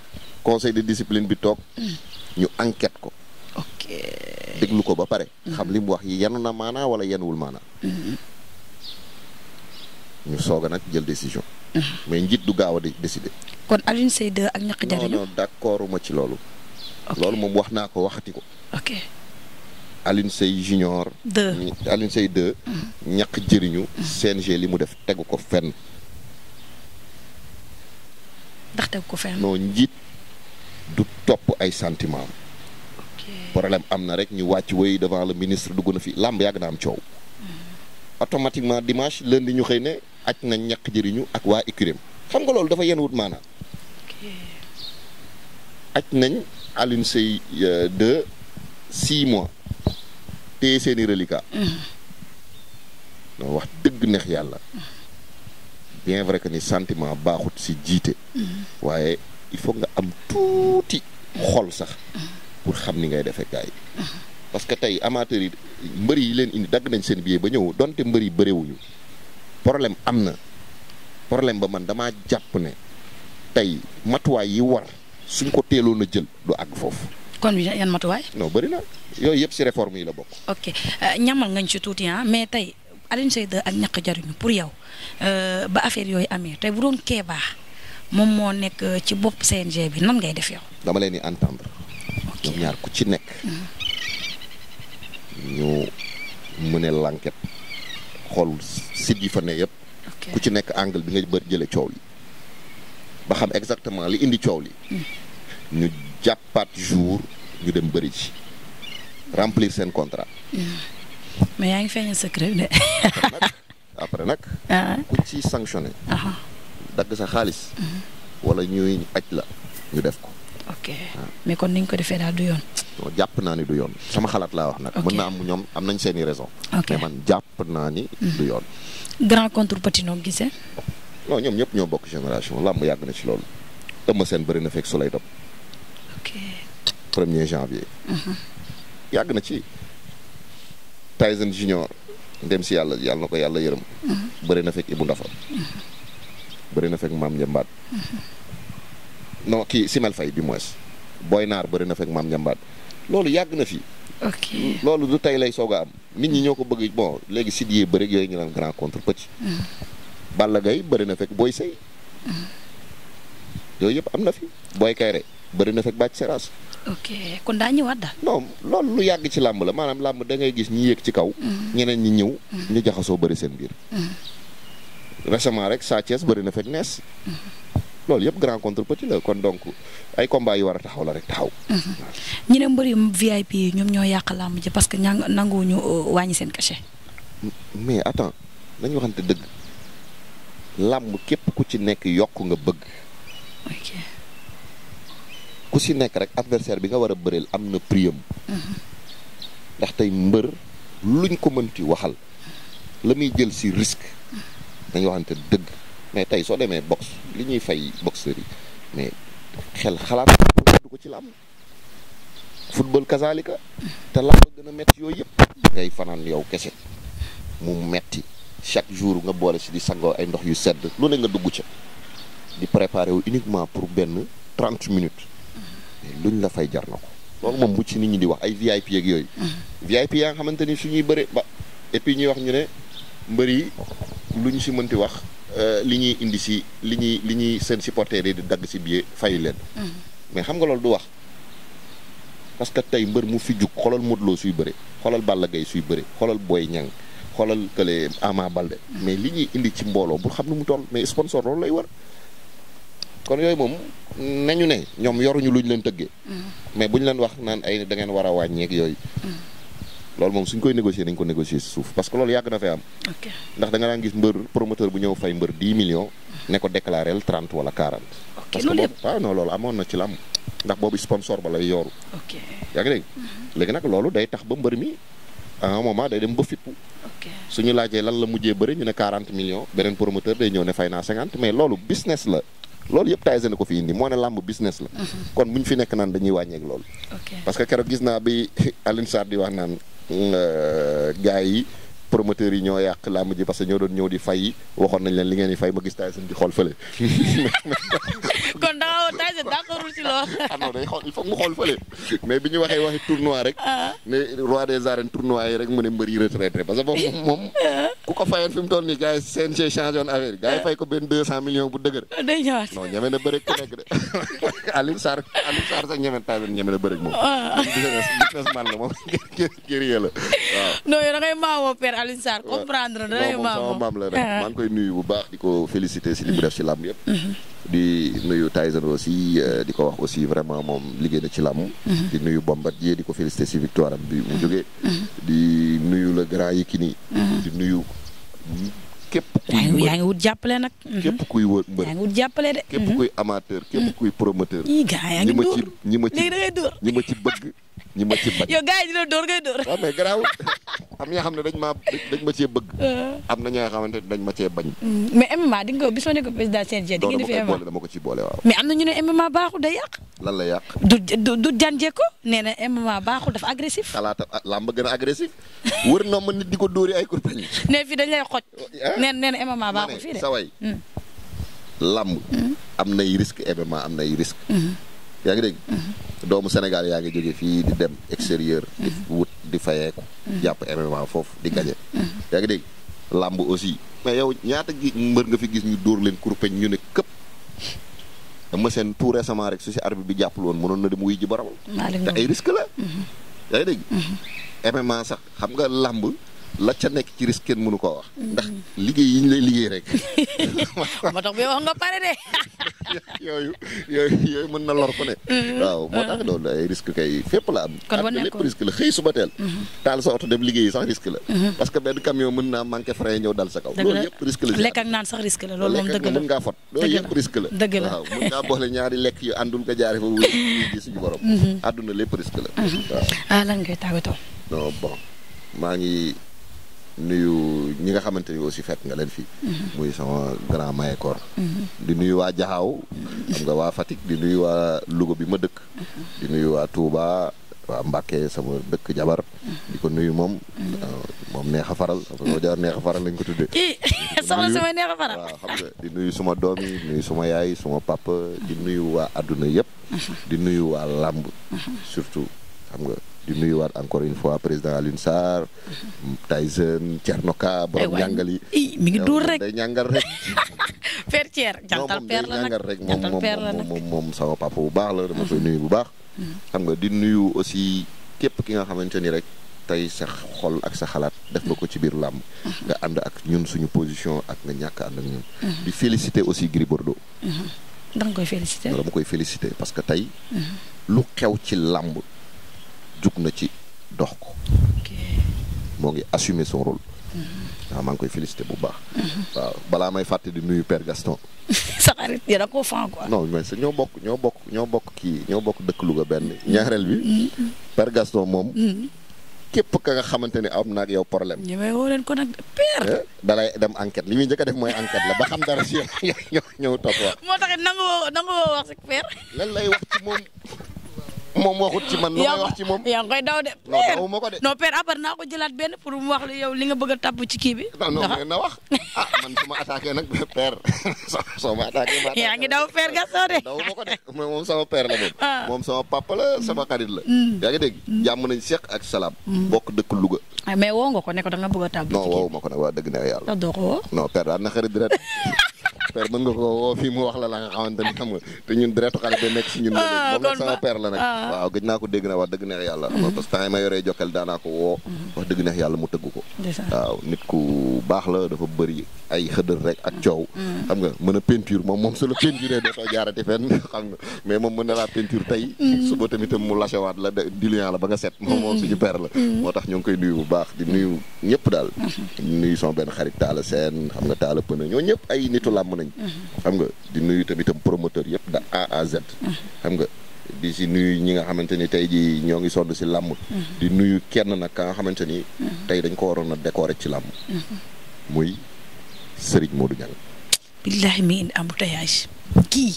conseil de discipline bi toog. Mm. ñu enquête ko. déglu ko ba pare. xam li mu wax yi yenu na maanaa wala yenuwul maanaa. Mm-hmm. ñu soog a nag jël décision. mais njiit du gaaw a décider. kon Alioune Seye 2 ak ñaq jariñu non ci loolu. loolu moom wax naa ko waxati ko. Alioune Seye junior. deux Alioune Seye deux. Mm-hmm. ñàkk jëriñu. CNG li mu def tegu ko fenn. ndax tegu ko fenn. non njiit du top ay sentiment problème am na rek ñu wàcc wéy devant le ministre dugg na fi làmb yàgg na am coow. Mm-hmm. automatiquement dimanche lundi ñu xëy ne aj nañ ñàkk jëriñu ak waa écurie xam nga loolu dafa yenn wut maanaam. aj nañ Alioune Seye euh, deux six mois. téye seeni reliquat wax dëgg neex yàlla bien vrai que ni sentiment baaxut si jiite waaye il faut nga am tuuti xol sax pour xam ni ngay defee gars yi parce que tey amateurs yi mbër yi leen indi dagg nañ seen billet ba ñëw donte mbër yi bëriwuñu problème am na problème ba man dama jàpp ne tey matuwaay yi war suñ ko teeloon a jël du àgg foofu kon yan matuwaay. non bëri na yooyu yëpp si réforme yi la bokk. ok euh, ñamal ngañ si tuuti ah mais tey Alioune Seye 2 ak ñàkk jariñu pour yow euh, ba affaire yooyu amee tey bu doon Kéba moom moo nekk euh, ci bopp CNG bi nan ngay def yow. dama leen di entendre. ñoom ñaar ku ci nekk. Mm-hmm. ñu mëne l'enquête xool site yi fa ne yëpp. ku ci nekk angle bi nga bër jële coow li ba xam exactement li indi coow li. Mm. jàppaat jour ñu dem bëri ci remplir seen contrat. mais yaa ngi feeñal secret de. après nag. Ah. ku ci sanctionné. Ah. dagg sa xaalis. Mhm. wala ñuy aj la ñu def ko. ok ah. mais kon ni ñu ko defee daal du yoon. jàpp naa ni du yoon sama xalaat laa wax nag. mën naa am ñoom am nañ seeni raison. mais man jàpp naa ni. du mhm. yoon. grand contre petit noo gisee. non ñoom ñëpp ñoo bokk génération làmb yàgg na ci loolu. ëmb seen bëri na fekk su lay dop premier janvier. Uh-huh. yàgg na ci Tyson Junior ndem si yàlla yàlla na ko yàlla yërëm. Uh-huh. bëri na fekk Ibou Ndafa. Uh-huh. bëri na fekk maam Njambaat. non kii Simel Faye du moins Boy Naar bëri na fekk maam Njambaat loolu yàgg na fi. loolu du tey lay soog a am nit ñi ñoo ko bëgg bon léegi sit yi bëri yooyu ñu naan grand contre petit. Balla Gaye bëri na fekk Boy Sey. yooyu yëpp am na fi Boy Kayre. bëri na fekk bàcc seraas. ok kon daa ñëwaat daal. non loolu lu yàgg ci làmb la maanaam làmb dangay gis ñi yéeg ci kaw. Mm. ñeneen ñi ñëw. Mm. ñu jaxasoo bari seen biir. Mm. récemment rek Sa Thiès bëri na fekk nees. loolu yëpp grand contre petit kon donc ay combat yu war a taxaw la rek taxaw. Mm-hmm. ñu ne mbëri VIP yi ñoom ñoo yàq làmb ji parce que ña nanguwuñu euh, wàññi seen cachet. mais attends nañu waxante dëgg làmb képp ku ci nekk yokk nga bëgg. ku si nekk rek adversaire bi nga war a bëreel am na prix am ndax tey mbër luñ ko mënti waxal la muy jël si risque dañu waxante dëgg mais tey soo demee box li ñuy fay boxeurs yi mais xel xalaat du ko ci la am football kazalika te làmb gën a metti yooyu yëpp day fanaan yow kese mu metti chaque jour nga boole si di sangoo ay ndox yu sedd lu ne nga dugg ca di préparer wu uniquement pour benn trente minutes lu ñu la fay jar na ko loolu moom bu ci nit ñi di wax ay VIP ak yooyu mm-hmm. VIP yaa nga xamante ni ñuy bëre ba et ñuy wax ñu ne mbër yi lu ñu si mënti wax euh, li ñuy indi si li ñuy li ñuy seen supporters yi di dagg si biir fay leen mm-hmm. mais xam nga loolu du wax parce que tey mbër mu fi jug xoolal Modou Lo suy bëre xoolal Balla Gaye suy bëre xoolal Boy Niang xoolal kële Ama Baldé mm-hmm. mais li ñuy indi ci mbooloo bu xam ne mu toll mais sponsor loolu lay war kon yooyu moom nañu ne ñoom yoruñu ñu leen tëggee. Mm. mais buñ leen wax naan ay da ngeen war a wàññeek yooyu. Mm. loolu moom suñ koy négocier nañ ko négocier si suuf parce que loolu yàgg na fee am. ndax danga nga daan gis mbër promoteur bu ñëw fay mbër 10 millions. ne ko déclaré 30 wala 40. ok loolu yëpp parce que non loolu amoon na ci lamb ndax boobu sponsor ba lay yooru. ok yaa ngi dégg. Mm-hmm. léegi nag loolu day tax ba mbër mi à un day dem ba fippu. suñu laajee lan la mujjee bëri ñu ne 40 millions beneen promoteur day ñëw ne fay naa 50 mais loolu business la. loolu yëpp Tyson na ko fi indi moo ne làmb business la. Mhm. kon bu ñu fi nekk naan dañuy wàññeek lool parce que keroog gis naa bi Alioune Sarr di wax naan euh, gars yi promoteurs yi ñoo yàq làmb ji parce que ñoo doon ñëw di fay waxoon nañ leen li ngeen di fay ma gis Tyson di xool fa fële. Tyson d'accordul ci loolu. Ah, day xool il faut mu xool fële mais bi ñu waxee waxi tournoi rek. Ah. ne roi des arènes tournoi yi rek mu ne mbër yi retraité parce que boobu moom ah. ku ko fayoon fi toll nii gars seen CNG changé woon affaire gars yi fay ko benn 200 millions bu dëgër. day ñëwaat non ñeme na bëreeg ku nekk de Alioune Sarr sax ñeme Tyson ñeme na bëreeg moom. waaw businessman la moom guerrier la waaw. non yow da ngay maamoo père Alioune maa ngi koy nuyu bu baax di ko féliciter si li mu def si làmb yëpp. Mm-hmm. di nuyu Tyson aussi euh, di ko wax aussi vraiment moom liggéey na ci làmm mhm. di nuyu Bombardier di ko félicité si victoire am bi mu mhm. jógee mhm. di nuyu le grand Yékini di nuyu képp kuy mbër yaa ngi wut jàppale nag. képp kuy wër mbër yaa ngi wut jàppale de. képp kuy amateur képp kuy promoteur. ñi ma ci ñi ma ci ci bëgg. ñi ma ci bañ. yow gars yi ñu la dóor ngay dóor. waaw mais garaaw am ñoo xam ne dañ maa dañ ma cee bëgg. Ah. am na ñoo xamante ne dañ ma cee bañ. Mm. mais MMA di nga ko bisoo ne ko président CNG. di ngeen di fi MMA dama ko ciy boole waaw. mais am na ñu ne MMA baaxul day yàq. lan la yàq. du du du jànjee ko nee na MMA baaxul dafa agressif. xalaata ah, làmb gën a agressif. wër na ma nit di ko dóori ay kurpeñ. nee fii dañ lay xoj. Oh, nee na nee na MMA baaxul fii de. Mm. làmb mm. am nay risque MMA am nay risque. yaa ngi dégg. doomu Sénégal yaa ngi jóge fii di dem extérieur. di wut di fayeeku. jàpp événement foofu di gañe. yaa ngi dégg làmb aussi. mais yow ñaata gi mbër nga fi gis ñu dóor leen kurpeñ ñu ne këpp. dama seen tout rek su si arbitre bi jàppul woon mënoon na dem wuy ji te ay risque la. Mhm. yaa ngi dégg. MMA sax xam nga làmb. la nekk ci risque kenn mënu koo wax. Mm-hmm. ndax liggéey yi ñu lay liggéey rek. moo tax bi wax nga pare de. yooyu yooyu yooyu mën na lor ko ne. Mm-hmm. waaw moo tax mm-hmm. loolu ay risque kay fépp la am. kon lépp risque la sa oto la. parce que benn camion mën naa manqué frein sa kaw. loolu yëpp risque la lekk ak naan sax risque waaw ah, maa ngi nuyu ñi nga xamante ni aussi fekk nga leen fi. Mhm. muy sama grand mayekoor. Mhm. di nuyu waa jaxaw xam nga waa Fatick di nuyu waa Louga bi ma dëkk. Mhm. di nuyu waa Touba waa Mbacke sama dëkk Jabar. di ko nuyu moom. Euh, moom neex a faral sama jabar neex a faral lañ ko tuddee. sama a di nuyu suma doom nuyu suma yaay suma papa di nuyu waa adduna yëpp. di nuyu waa làmb surtout xam nga. di nuyuwaat encore une fois président Alioune Sarr. Tyson Thierno Ka borom ñàngal yi. ngi duur rek day ñàngal rek. per Thier jantal per rek moom moom moom sama papa bu baax la dama koy mm-hmm. nuyu bu baax. Mm-hmm. xam nga di nuyu aussi képp ki nga xamante ni rek. tey sa xol ak sa xalaat def nga ko ci biir làmb mm-hmm. nga ànd ak ñun suñu position ak nga ñàkk ànd ak ñun di féliciter aussi Gris Bordeaux da nga koy féliciter koy féliciter parce que tey lu xew ci làmb jug na ci dox ko moo ngi assumer son rôle waaw mm-hmm. ah, maa ngi koy félicité bu baax. Mm-hmm. waaw balaa may fàtte di nuyu Père Gaston. sa xarit yi da koo fan quoi. non mais ñoo bokk ñoo bokk ñoo bokk kii ñoo bokk dëkk luga benn ñaareel bi. Mm-hmm. Père Gaston moom. képp ka nga xamante ni am na ak yow problème. ñemee woo leen ko nag Père. Eh, dalay dem enquête li muy njëkk a def mooy enquête la ba xam dara si yow ñëw topp wax. moo tax nangu woo wax si Père. lan wax moom. moom waxut ci man. lu may wax ci moom yaa ngi koy de. non daw ma ko de non père après naa ko jëlaat benn pour mu wax li nga bëgg a tàbb ci kii bi. non non na wax a ah, man su ma attaqué nag père soo ma attaqué. yaa ngi daw père Gaston de. daw ma ko de moom sama père la moom. Ah. moom sama papa la sama xarit la. Mm. yaa ngi dégg mm. jàmm nañ seq ak salaam. Mm. bokk dëkk Louga. Ah, mais woo nga ko ne ko da nga bëgg a tàbb. ma ko nag waa dëgg na yàlla. doo ko woo. non na xarit bi rek. père mën nga ko woo fii mu wax la la nga xamante ni xam nga te ñun deretu xale ba nekk si ñun. ah na ah. wax dëgg neex yàlla. parce que ma yoree jokkal daanaa ko woo. Mhm. wax dëgg neex yàlla mu tëgg ko. waaw nit ku baax mhm. nga mën a peinture moom moom su la peinturee dootoo jaarati fenn xam nga mais moom mën na laa peinture tey. Mhm. suba tamit mu lasewaat la diluant la ba nga set. moom moom suñu père la. moo tax ñu ngi koy nuyu bu baax di nuyu ñëpp daal. nuyu son benn xarit Talla Sène xam nga Talla Pëna ñoo ñëpp ay nitu la làmm nañ. xam nga di nuyu tamitam promoteur yëpp da A a Z. xam nga di si nuyu ñi nga xamante ni tey jii ñoo ngi sonn si làmm. di nuyu kenn nag ka nga xamante ni. tey dañ ko waroon a décorer ci làmm. muy Serigne Modou Niang. billahi mi indi embouteillage kii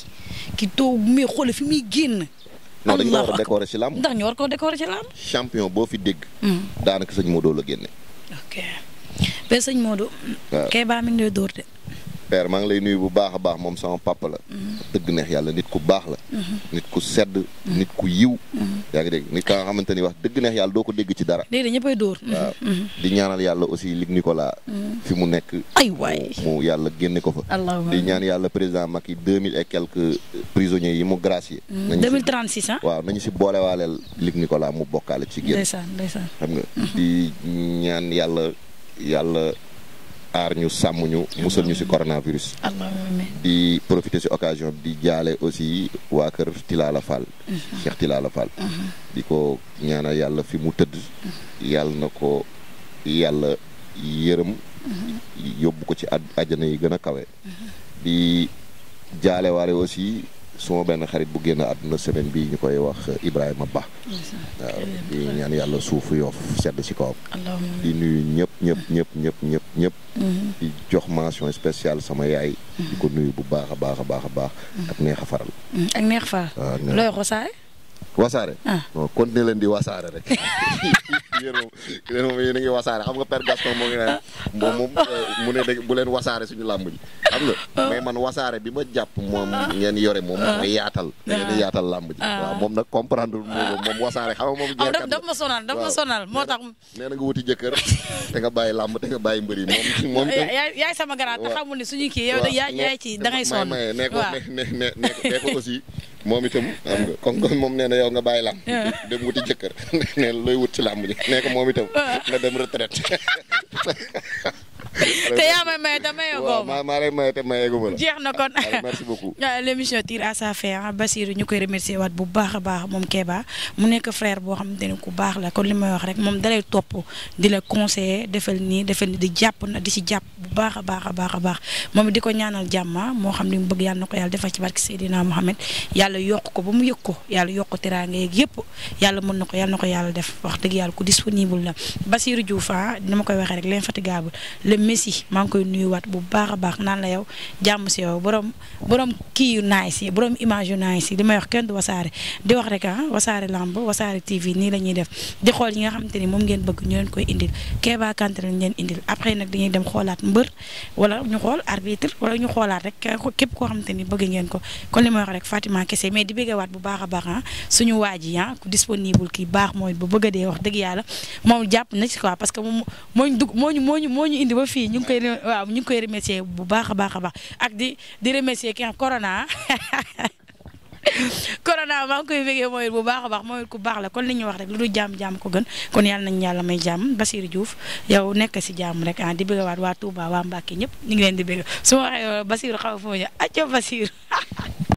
ki taw mi xool fi muy génn. non dañ ko war a décorer ci làmb ndax ñu war koo décorer ci làmb champion boo fi dégg. Hmm. daanaka sëñ Modou la génne. ok ba sëñ Modou. waaw Kéba mi ngi lay dóor de. père maa ngi lay nuyu bu baax a baax moom sama papa la. Mm-hmm. dëgg neex yàlla nit ku baax la. Mm-hmm. nit ku sedd. Mm-hmm. nit ku yiw. yaa ngi dégg nit ka nga xamante ni wax dëgg neex yàlla doo ko dégg ci dara. léegi ñëppay dóor. waaw di ñaanal yàlla aussi Luc Nicolas. fi mu nekk. ay waay mu yàlla génne ko fa. di ñaan yàlla président Macky deux mille et quelques prisonniers yi mu gracié. nañu si ah? boolewaaleel Luc Nicolas mu bokkaale ci génn. xam nga di ñaan yàlla yàlla. aar ñu sàmm ñu musal ñu si coronavirus di profiter si occasion di jaale aussi waa kër Tilala Fall mhm. Cheikh Tilala mhm. di ko ñaanal yàlla fi mu tëdd mhm. yàlla na ko yàlla yërëm yóbbu ko ci àjjana yi gën a kawe di jaale aussi suma benn xarit bu génn àdduna semaine bi ñu koy wax Ibrahima Ba waaw ñaan yàlla suufu yoof sedd si kawam di nuyu ñëpp ñëpp ñëpp ñëpp ñëpp ñëpp mm-hmm. di jox mention spéciale sama yaay mm-hmm. di ko nuyu bu baax a baax a baax a baax mm-hmm. ak neex a faral ak neex faral looy xosaare wasaare. Ah. bon continuer leen di wasaare rek yéen moom yéen moom yéen a ngi wasaare xam moo ngi euh, ne moom bu leen wasaare suñu làmb ji xam nga ah. mais man wasaare bi ma jàpp moom ah. ngeen yore moom mooy yaatal ngeen yaatal làmb ji waaw moom nag comprendre moom moom wasaare xam nga moom jeexkat daf ma sonal moo tax nee nga wuti jëkkër te nga bàyyi làmb te nga bàyyi mbëri moom moom eh, yaay sama garaat te xamul ne suñu kii yow yaay ci da ngay sonn nee ko nee aussi moom itam xam nga comme moom nee na yow nga bàyyi làmb ah. dem wuti jëkkër nee looy wut ci làmbu ji nee ko moom itam ah. nga dem retraite te yaa may maye te maye boobu waaw maa jeex na kon merci beaucoup. l' euh, émission tire à sa fin Basirou ñu koy remercier waat bu baax a baax moom Kéba mu nekk frère boo xam ne ku baax la kon li may wax rek moom dalay topp di la conseiller defal nii defal nii di jàpp na di ci jàpp bu baax a baax a baax a baax moom di ko ñaanal jàmma ah, moo xam li mu bëgg yàlla na ko yàlla defal ci barke Seydina Mohamed yàlla yokk ko ba mu yëg ko yàlla yokk teraanga yeeg yëpp yàlla mën na ko yàlla na ko yàlla def wax dëgg yàlla ku disponible la Kiki maa ngi koy nuyuwaat bu baax a baax naan la yow jàmm si yow borom borom kii yu naay si borom image yu naay si li may wax kenn du wasaare di wax rek ah wasaare lamb wasaare TV nii la ñuy def di xool yi nga xamante ni moom ngeen bëgg ñu leen koy indil Keba Kanté lañ leen indil bëgg ngeen ko kon li may wax rek Fatima Kese mais di bëggewaat bu baax a baax ah suñu waa ji ah disponible kii baax mooy bu bëgg a dee wax dëgg yàlla moom jàpp na ci quoi parce que ngi koy waaw ñu koy remercier bu baax baax a baax ak di di remercier ki nga corona corona maa ngi koy bégee mooy bu baax a baax mooy ku baax la kon li ñuy wax rek lu dul jàmm jàmm ko gën kon yàlla nañu yàlla may jàmm Basirou juuf yow nekk si jàmm rek ah di bëggewaat waa Touba waa Mbacke ñëpp ñu ngi leen di bëgg su ma waxee Basirou xaw ma foo ñu